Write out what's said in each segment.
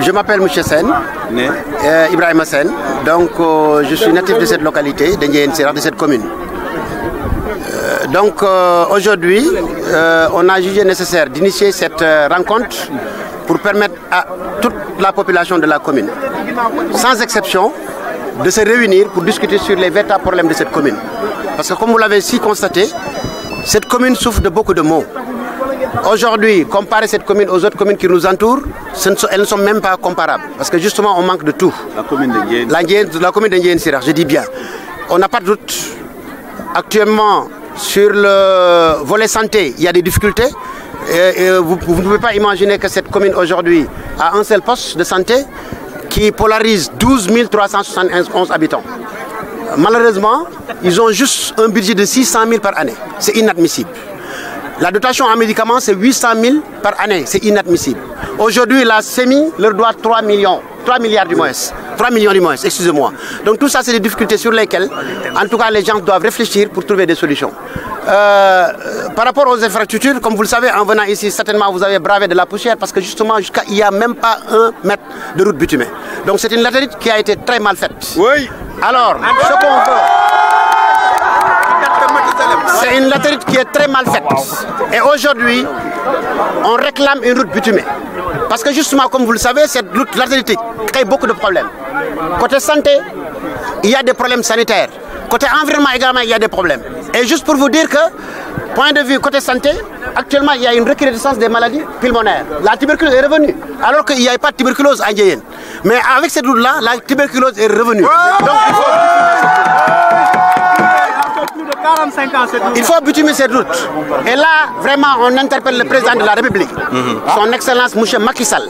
Je m'appelle Mouchessen Sen, euh, Ibrahim Sen. Donc, euh, je suis natif de cette localité, de de cette commune. Euh, donc, aujourd'hui, on a jugé nécessaire d'initier cette rencontre pour permettre à toute la population de la commune, sans exception, de se réunir pour discuter sur les véritables problèmes de cette commune. Parce que, comme vous l'avez si constaté, cette commune souffre de beaucoup de maux. Aujourd'hui, comparer cette commune aux autres communes qui nous entourent, elles ne sont même pas comparables. Parce que justement, on manque de tout. La commune de La, commune de je dis bien. On n'a pas de doute. Actuellement, sur le volet santé, il y a des difficultés. vous, vous ne pouvez pas imaginer que cette commune aujourd'hui a un seul poste de santé qui polarise 12 371 habitants. Malheureusement, ils ont juste un budget de 600 000 par année. C'est inadmissible. La dotation en médicaments, c'est 800 000 par année. C'est inadmissible. Aujourd'hui, la SEMI leur doit 3 millions. 3 milliards du moins. 3 millions du moins, excusez-moi. Donc tout ça, c'est des difficultés sur lesquelles, en tout cas, les gens doivent réfléchir pour trouver des solutions. Euh, euh, par rapport aux infrastructures, comme vous le savez, en venant ici, certainement vous avez bravé de la poussière parce que justement, jusqu'à il n'y a même pas un mètre de route bitumée. Donc c'est une latérite qui a été très mal faite. Oui. Alors, ce qu'on veut. C'est une latérite qui est très mal faite. Ah, Et aujourd'hui, on réclame une route bitumée. Parce que justement, comme vous le savez, cette route latérite crée beaucoup de problèmes. Côté santé, il y a des problèmes sanitaires. Côté environnement également, il y a des problèmes. Et juste pour vous dire que, point de vue côté santé, actuellement, il y a une recrudescence des maladies pulmonaires. La tuberculose est revenue, alors qu'il n'y avait pas de tuberculose à Mais avec cette route-là, la tuberculose est revenue. Donc, il faut... Il faut butumer cette route. Et là, vraiment, on interpelle le président de la République, mhm. son Excellence M. Makissal,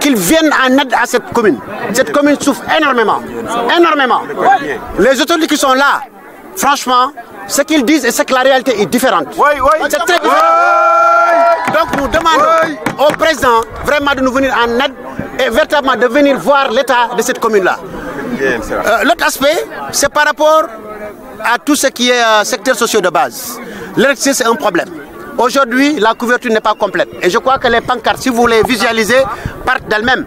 qu'il vienne en aide à cette commune. Cette commune souffre énormément. Énormément. Les autorités qui sont là, franchement, ce qu'ils disent et que la réalité est différente. Donc nous demandons au président vraiment de nous venir en aide et véritablement de venir voir l'état de cette commune-là. Euh, l'autre aspect, c'est par rapport à tout ce qui est euh, secteur social de base. L'électricité, c'est un problème. Aujourd'hui, la couverture n'est pas complète. Et je crois que les pancartes, si vous les visualisez, partent d'elles-mêmes.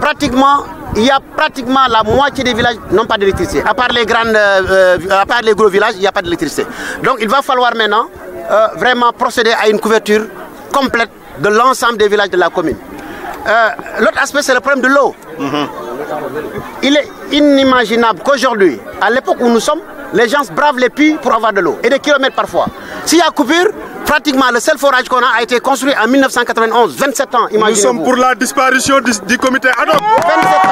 Pratiquement, il y a pratiquement la moitié des villages n'ont pas d'électricité. À part les grandes, euh, à part les gros villages, il n'y a pas d'électricité. Donc, il va falloir maintenant euh, vraiment procéder à une couverture complète de l'ensemble des villages de la commune. L'autre aspect, c'est le problème de l'eau. Mhm. Il est inimaginable qu'aujourd'hui, à l'époque où nous sommes, les gens bravent les puits pour avoir de l'eau, et des kilomètres parfois. S'il y a coupure, pratiquement le seul forage qu'on a a été construit en 1991, 27 ans, imaginez -vous. Nous sommes pour la disparition du, comité ad 27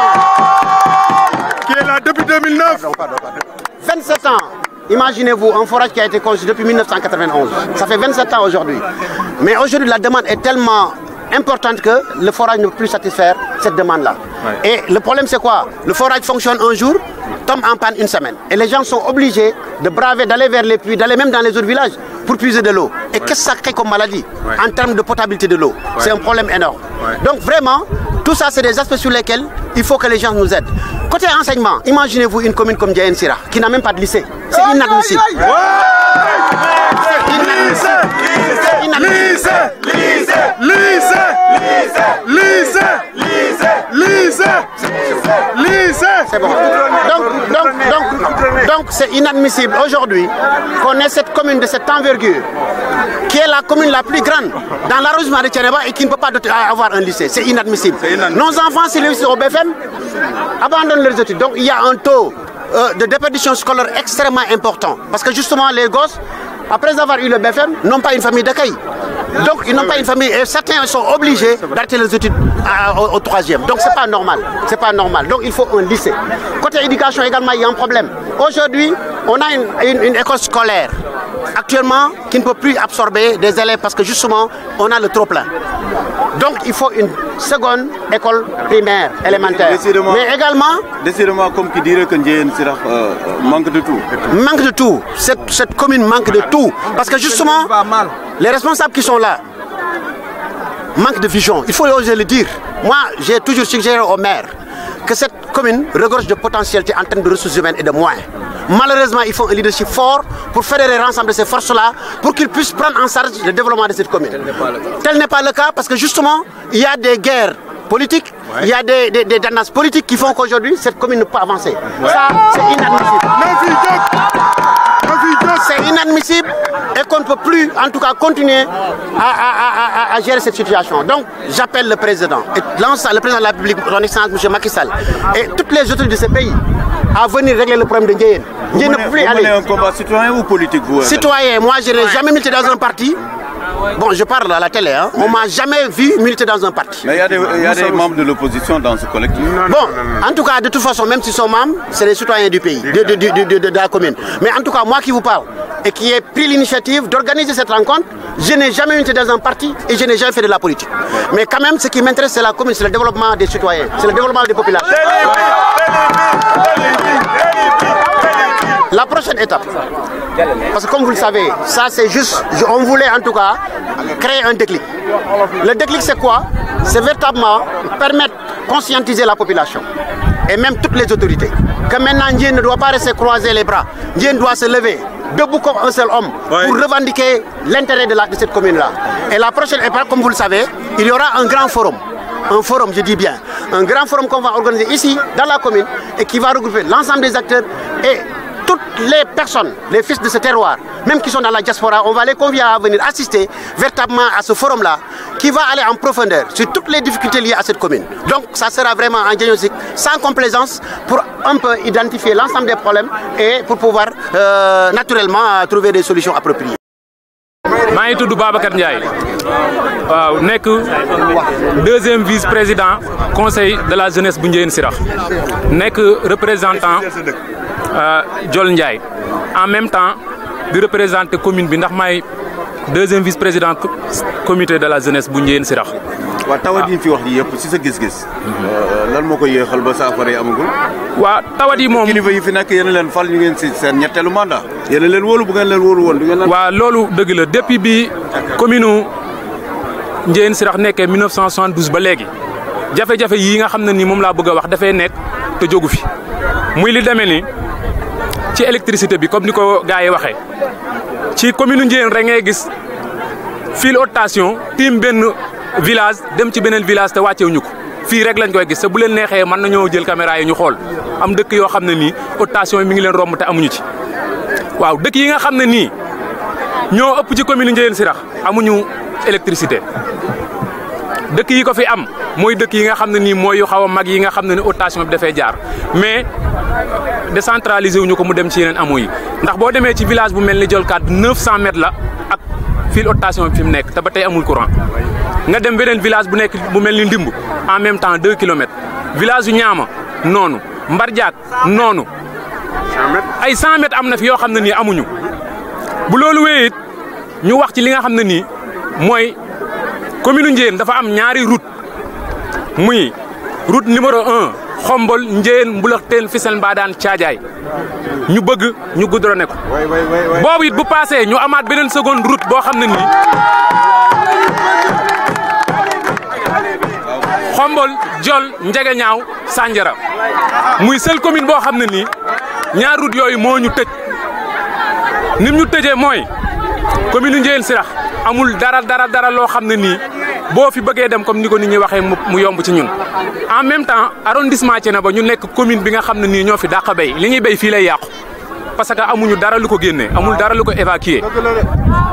ans. Qui est là depuis 2009. 27 ans. Imaginez-vous un forage qui a été construit depuis 1991. Ça fait 27 ans aujourd'hui. Mais aujourd'hui, la demande est tellement importante que le forage ne peut plus satisfaire cette demande-là. Et le problème, c'est quoi Le forage fonctionne un jour, tombe en panne une semaine. Et les gens sont obligés de braver, d'aller vers les puits, d'aller même dans les autres villages pour puiser de l'eau. Et qu'est-ce que ça crée comme maladie en termes de potabilité de l'eau C'est un problème énorme. Donc vraiment, tout ça, c'est des aspects sur lesquels il faut que les gens nous aident. Côté enseignement, imaginez-vous une commune comme Diane Sira, qui n'a même pas de lycée. C'est inadmissible. Inadmissible. Donc, c'est inadmissible aujourd'hui qu'on ait cette commune de cette envergure, qui est la commune la plus grande dans l'arrondissement de Tchénéba et qui ne peut pas euh, avoir un lycée. C'est inadmissible. Nos enfants, s'ils sont au BFM, abandonnent leurs études. Donc, il y a un taux euh, de déperdition scolaire extrêmement important. Parce que justement, les gosses, après avoir eu le BFM, n'ont pas une famille d'accueil. Donc ils n'ont pas une famille et certains sont obligés d'arrêter les études euh, au, troisième. Donc c'est pas normal. C'est pas normal. Donc il faut un lycée. Côté éducation également, il y a un problème. Aujourd'hui, on a une, école scolaire actuellement qui ne peut plus absorber des élèves parce que justement on a le trop plein. Donc il faut une seconde école primaire élémentaire. Mais également. Décidément, comme qui dirait que euh, euh, manque de tout. Manque de tout. Cette, cette commune manque de tout. Parce que justement. Les responsables qui sont là manquent de vision. Il faut oser le dire. Moi, j'ai toujours suggéré au maire que cette commune regorge de potentialités en termes de ressources humaines et de moyens. Malheureusement, il faut un leadership fort pour fédérer ensemble ces forces-là, pour qu'ils puissent prendre en charge le développement de cette commune. Tel n'est pas, le cas parce que justement, il y a des guerres politiques, il y a des, des, politiques qui font qu'aujourd'hui, cette commune ne peut pas avancer. Ça, c'est inadmissible c'est inadmissible et qu'on ne peut plus, en tout cas, continuer à, gérer cette situation. Donc, j'appelle le président, et le président de la République, son M. Macky Sall, et toutes les autres de ce pays à venir régler le problème de Ndiaye. Vous un combat citoyen ou politique, vous Citoyen, moi, je n'ai jamais mis dans un parti. Bon, je parle à la télé, hein. on m'a jamais vu militer dans un parti. Mais il y a des, membres de l'opposition dans ce collectif. bon, en tout cas, de toute façon, même s'ils sont membres, c'est les citoyens du pays, de, la commune. Mais en tout cas, moi qui vous parle, et qui ai pris l'initiative d'organiser cette rencontre, je n'ai jamais milité dans un parti et je n'ai jamais fait de la politique. Mais quand même, ce qui m'intéresse, c'est la commune, c'est le développement des citoyens, c'est le développement des populations la prochaine étape. Parce que comme vous le savez, ça c'est juste, on voulait en tout cas créer un déclic. Le déclic c'est quoi C'est véritablement permettre, conscientiser la population et même toutes les autorités que maintenant Dieu ne doit pas rester croiser les bras, Dieu doit se lever debout comme un seul homme pour revendiquer l'intérêt de, de cette commune-là. Et la prochaine étape, comme vous le savez, il y aura un grand forum un forum, je dis bien, un grand forum qu'on va organiser ici, dans la commune, et qui va regrouper l'ensemble des acteurs et toutes les personnes, les fils de ce terroir, même qui sont dans la diaspora, on va les convier à venir assister véritablement à ce forum-là qui va aller en profondeur sur toutes les difficultés liées à cette commune. Donc ça sera vraiment un diagnostic sans complaisance pour un peu identifier l'ensemble des problèmes et pour pouvoir euh, naturellement trouver des solutions appropriées. Ndiaye deuxième vice président conseil de la jeunesse Sirah, n'est représentant Diol euh, Ndiaye en même temps di représenter commune bi ndax May, deuxième vice président comité de la jeunesse bu Ndiéyène Sirax. Wa tawat ah. fi wax nii yëpp ci sa gis-gis. Euh, lan moo yéxal ba sa yi amagul. wa tawadi mom kilifa yi fi nak yene len fal ñu ngeen ci sen ñettelu mandat. yéen len wolu bu ngeen leen wóolu woon du ngeen. waaw la depuis bi commune Ndiéyène Sirax nekkee 1972 ba légui jafé jafé yi nga xamné ni mom la bëgg wax dafay nekk te jogu fi muy li démé ni ci électricité bi comme niko ko waxé ci commune ndien rek ngay gis fil otation tim ben village dem ci benen village te wàccewuñu ko fi rek lañ koy gis sa bu len nexé man nañu jël caméra yi ñu xol am dëkk yo xamné ni otation mi ngi len romb te amuñu ci waaw dëkk yi nga xamné ni ño ëpp ci commune ndien Sirax amuñu électricité dëkk yi ko fi am moy dëkk yi nga xamné ni moy yu xawa mag yi nga xamné ni haute bi dafay jaar mais décentralisé wuñu ko mu dem ci yeneen amu ndax boo demee ci village bu mel ni Jolkaat 900 mètres la ak fil rotation bi fi mu nekk te ba tey amul courant nga dem beneen village bu nekk bu mel ni Ndimb en même temps 2 kilomètres village yu Ñaama noonu Mbarjaak noonu. ay 100 mètres am na fi yoo xam ne nii amuñu bu loolu wéyee ñu wax ci li nga xam ne nii mooy commune Ndiéyène dafa am ñaari route muy route numéro 1. xombol njeen mbulaxteen fisel mbadan tiajay ñu bëgg ñu goudronné ko bobu it bu passé ñu amaat benen seconde route bo xamna ni xombol jol njege ñaaw sanjara muy seul commune bo xamna ni ñaar route yoy mo ñu tejj nim ñu tëjee moy commune njeen sirax amul dara dara dara lo xamna ni bo fi bëggee dem comme niko nit ñi waxee mu yomb ci ñun en même temps arrondissement ci na ba ñu nekk commune bi nga xam ni ñofi ñoo bay li ñi bay fi lay yaq parce que amuñu dara lu ko génné amul dara lu ko évacuer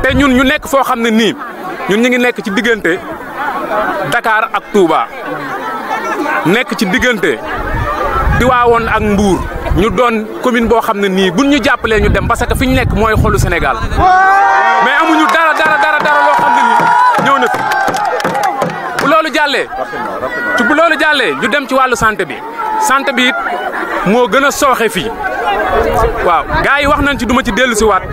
té ñun ñu nekk fo xam ni ñun ñi ngi nekk ci digënté Dakar ak Touba nekk ci diggante Tiwaawoon ak Mbour ñu doon commune bo xam ni buñ ñu jappalé ñu dem parce que fiñu ñu nekk mooy xolu Sénégal mais amuñu dara dara dara dara lo xam ne jàllee ci bu loolu jàllee ñu dem ci wàllu sant bi sant bi it moo gën sooxe fii waaw gars yi wax nañ ci duma ci dellu si waat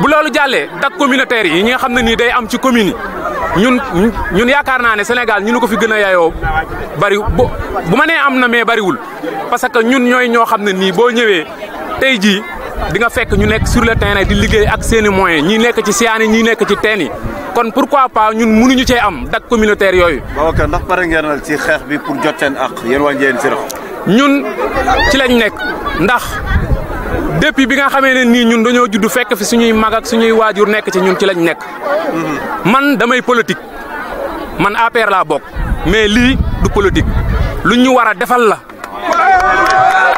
bu loolu jàllee dak communautaire yi ñi nga xam ne nii day am ci commune ñun ñun yaakaar naa ne Sénégal ñu nu ko fi gën a yayoo bari bu bu ma nee am na mais bariwul parce que ñun ñooy ñoo xam ne nii boo ñëwee tey jii di nga fekk ñu sur le terrain di liggéey ak seen moyens ñi nekk ci ñi nekk ci teen pourquoi pas ñun mënuñu cee am communautaire yooyu. Babacar ndax ci bi pour jot seen yéen ñun ci lañ ndax depuis bi nga xamee ne ñun dañoo judd fekk fi suñuy mag ak suñuy mhm. man damay politique man APR laa bokk mais lii du politique lu ñu a la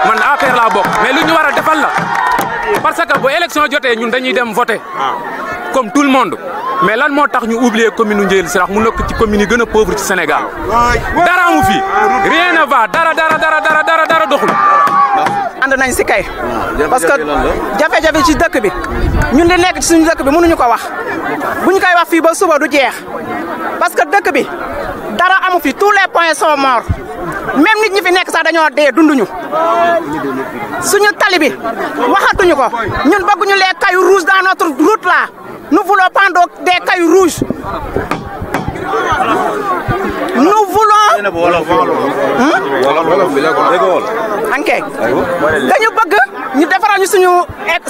man APR laa bokk mais lu ñu war a la parce que l'élection élection nous ñun voter comme tout le monde mais là, nous avons oublié oublier commune devons communiquer commune pauvre Sénégal dara amu rien ne va dara dara dara dara dara dara parce que j'avais j'avais ci dëkk bi ñun nekk ci parce que dëkk dara tous les points sont morts même nit ñi fi nekk sax dañoo dee dunduñu suñu tali bi waxatuñu ko ñun bëgguñu les cailloux rouges dans notre route là nous voulons prendre des cailloux rouges nous voulons. Hmm? ok dañu bëgg ñu defaral ñu suñu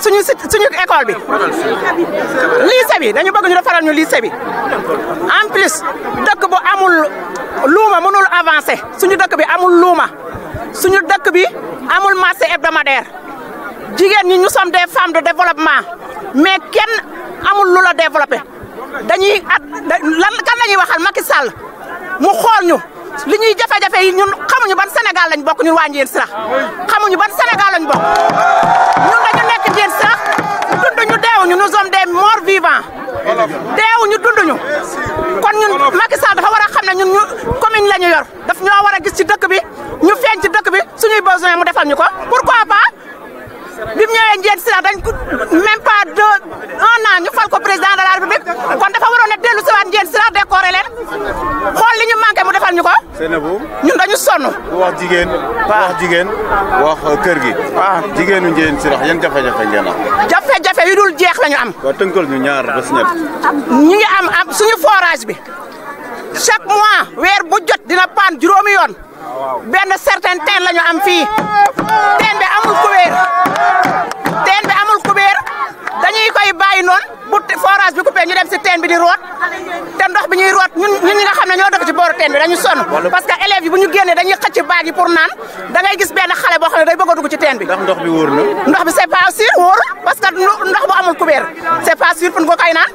suñu suñu école bi lycée bi bëgg ñu defaral ñu lycée bi en plus dëkk bu amul. luuma mënul avancer suñu dëkk bi amul luuma suñu dëkk bi amul marché hebdomadaire jigéen ñi ñu sommes des femmes de développement mais kenn amul lu la développé dañuy at lan kan la ñuy waxal Macky Sall mu xool ñu li ñuy jafe-jafe yi ñun xamuñu ban Sénégal lañ bokk ñun waa Ndiéyène xamuñu ban Sénégal lañ bokk ñun dañu nekk Ndiéyène sax dund ñu deewuñu nous sommes des morts vivants. deewuñu dunduñu kon ñun Macky dafa war a xam ne ñun ñu commune la ñu yor daf ñoo war a gis ci dëkk bi ñu feeñ ci dëkk bi suñuy besoin mu defal ñu ko pourquoi pas bi mu ñëwee njeen si dañ ko même pas deux ñu fal ko président de la république kon dafa waroon a dellu si waat njeen si décoré leen xool li ñu manqué mu defal ñu ko Seynabou ñun dañu sonn wax jigéen wax jigéen wax kër gi waaw jigéenu njeen si wax yan jafe-jafe ngeen am jafe-jafe yu dul jeex lañu am waaw tënkal ñu ñaar ba si ñett ngi am am suñu forage bi chaque mois weer bu jot dina paan juróomi yoon benn certain ten lañu am fii teen bi amul kubéer Ten bi amul kubéer dañuy koy bàyyi noonu bu forage bi coupé ñu dem si ten bi di root te ndox bi ñuy root ñun ñun ñi nga xam ne ñoo ci booru teen bi dañu sonn parce que élèves yi bu ñu génnee dañuy xëcc baag yi pour naan da ngay gis benn xale boo xam ne day bëgg a dugg ci teen bi. ndox bi wóor na. ndox bi c'est pas sûr wóorul parce que ndox bu amul couvert c'est pas sûr pour nga naan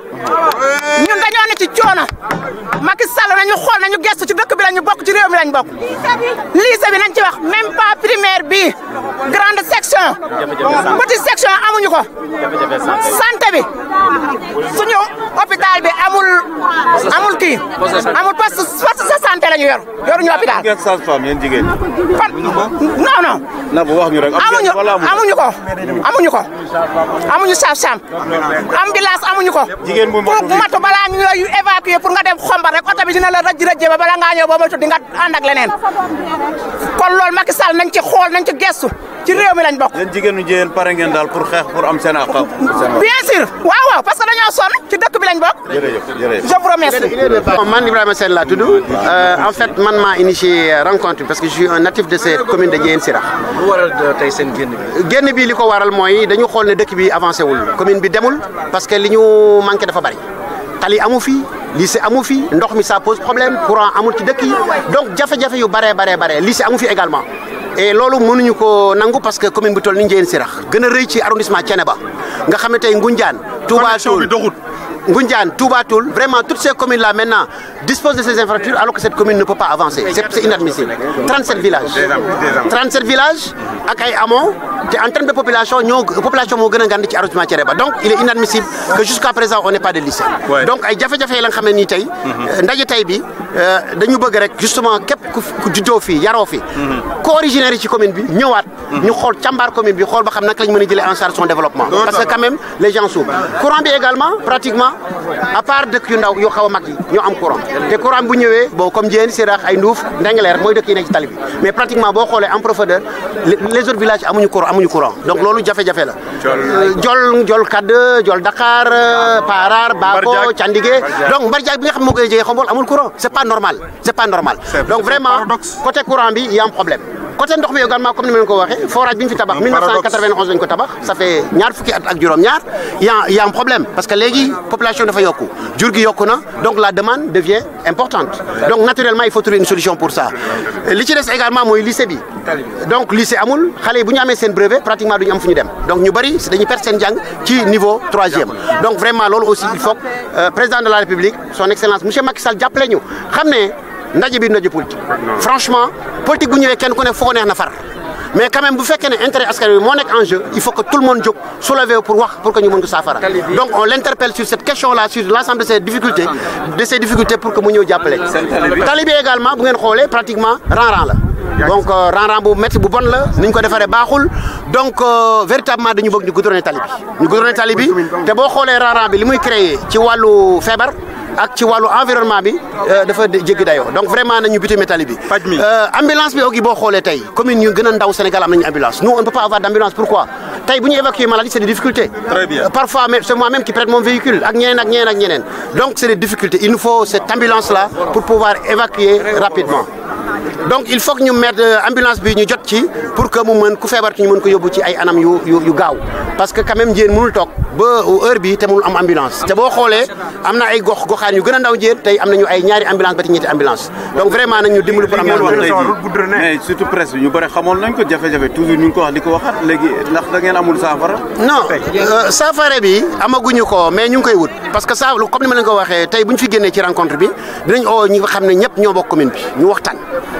ñun dañoo ne ci coono Macky Sall nañu xool nañu gestu ci dëkk bi lañu bokk ci réew mi lañu bokk. lycée bi nañ ci wax même pas primaire bi grande section. petite section amuñu ko. santé bi suñu fii amul poste poste de santé la ñu yor yoruñu hôpital. ngeen sage-femme yéen jigéen ñi. par non non. na bu wax ñu rek amuñu amuñu ko amuñu ko amuñu sage-femme ambulance amuñu ko. jigéen bu matu matu balaa ñu lay évacuer pour nga dem xombar rek oto bi dina la rëj rëjee ba bala ngaa ñëw ba moytu di nga ànd ak leneen kon loolu Macky Sall nañ ci xool nañ ci gestu ci réew mi lañ bokk. yéen jigéen ñi jigéen pare ngeen daal pour xeex pour am seen àq. bien sûr waaw waaw parce que dañoo sonn. je vous remercie. man Ibrahima Sène laa euh, en fait man m'a initié rencontre parce que je suis un natif de cette commune de Dieyène Sirakh. lu waral tey seen génn bi. génn bi li waral mooy dañu xool ne dëkk bi avancé wul commune bi demul parce que li ñu de dafa bari tali amu fi. lycée amu fi ndox mi ça pose problème courant amul ci dëkk yi donc jafe-jafe yu baree baree baree lycée amu fi également et loolu mënuñu ko nangu parce que commune bi toll ni Dieyène Sirakh gëna reuy ci arrondissement Thiénaba nga xamé tay Ngundian Touba Soul Ngundian, Toubatoul, vraiment toutes ces communes-là maintenant disposent de ces infrastructures alors que cette commune ne peut pas avancer. C'est inadmissible. 37 villages. 37 villages, Akaï Amon, en termes de population, la population est arrondissement Tchereba. Donc il est inadmissible que jusqu'à présent on n'ait pas de lycée. Donc il y a des gens qui ont euh, dañu bëgg rek justement képp ku juddoo fii yaroo fi mhm. ko originaire ci commune bi ñëwaat mhm. ñu xool càmbaar commune bi xool ba xam naka lañ mën a jëlee en charge son développement parce que quand même les gens sont courant bi également pratiquement à part dëkk yu ndaw yu xaw a mag yi ñoo am courant te courant bu ñëwee bon comme Diène Sirax ay Ndouf Ndengler mooy dëkk yi nekk ci tali bi mais pratiquement boo xoolee en profondeur les autres villages amuñu courant amuñu courant donc loolu jafe-jafe la jol euh, jol kadd jol Dakar euh, Parar Bako Candigé donc Mbarjaak bi nga xam moo koy jege Xombol amul courant pas normal c'est pas normal donc vraiment côté courant il y a un problème côté ndox mi également comme ni ma ko waxe forage bi fi tabax 1991 lañ ko tabax ça fait ñaar fukki at ak juróom-ñaar y a y a un problème parce que légui population dafa yokku jur gi yokku na donc la demande devient importante donc naturellement il faut trouver une solution pour ça li ci dess également moy lycée bi donc lycée amul xalé yi bu ñu brevet pratiquement duñ am fuñu dem donc ñu bari dañuy perdre seen jang ci niveau troisième donc vraiment loolu aussi il faut euh, président de la république son excellence monsieur Macky Sall jàppale ñu xamné ndaje bi ndaje politique. franchement politique bu ñëwee kenn ku ne foo ko neex na far. mais quand même bu fekkee ne intérêt askan wi moo nekk en jeu il faut que tout le monde jóg soulever pour wax pour que ñu mën ko donc on l'interpelle sur cette question là sur l'ensemble de ces difficultés de ces difficultés pour que mu ñëw jàppale tali également bu ngeen xoolee pratiquement rang-rang. la donc euh, rang Rang, bu métti bu bon la ni ñu ko defaree baaxul donc euh, véritablement dañu bëgg ñu goudronner tali ñu goudronner tali bi te boo xoolee rang Rang, bi li muy créer ci wàllu feebar ak ci walu environnement bi euh, dafa jéggi dayo donc vraiment nañu buté métalli bi euh, ambulance bi ogi bo xolé tay commune ñu gëna ndaw Sénégal am nañu ambulance nous on ne peut pas avoir d'ambulance. pourquoi tay bu évacuer maladie c'est des difficultés euh, parfois c'est moi même qui prête mon véhicule ak donc c'est des difficultés il nous faut cette ambulance là pour pouvoir évacuer rapidement donc il faut que ñu mettre euh, ambulance bi ñu jot ci pour que mu mën ku feebar ñu mën ko yobbu ci ay anam yu yu gaaw parce que quand même njéen mënul tok ba heure bi té mënul am ambulance té bo xolé amna ay gox goxaan yu gëna ndaw njéen tay amna ñu ay ñaari ambulance ba ci ñetti ambulance donc vraiment nañ ñu dimbali pour am mais surtout presse bi ñu bëri xamoon nañ ko jafé jafé toujours ñu ko wax liko waxat légui ndax da ngeen amul safara non euh, saafara bi amaguñu ko mais ñu ngi koy wut parce que saa comme ni ma lañ ko waxé tay buñ fi génné ci rencontre bi dinañ oo ñi nga xam ne ñëpp ñoo bokk commune bi ñu waxtaan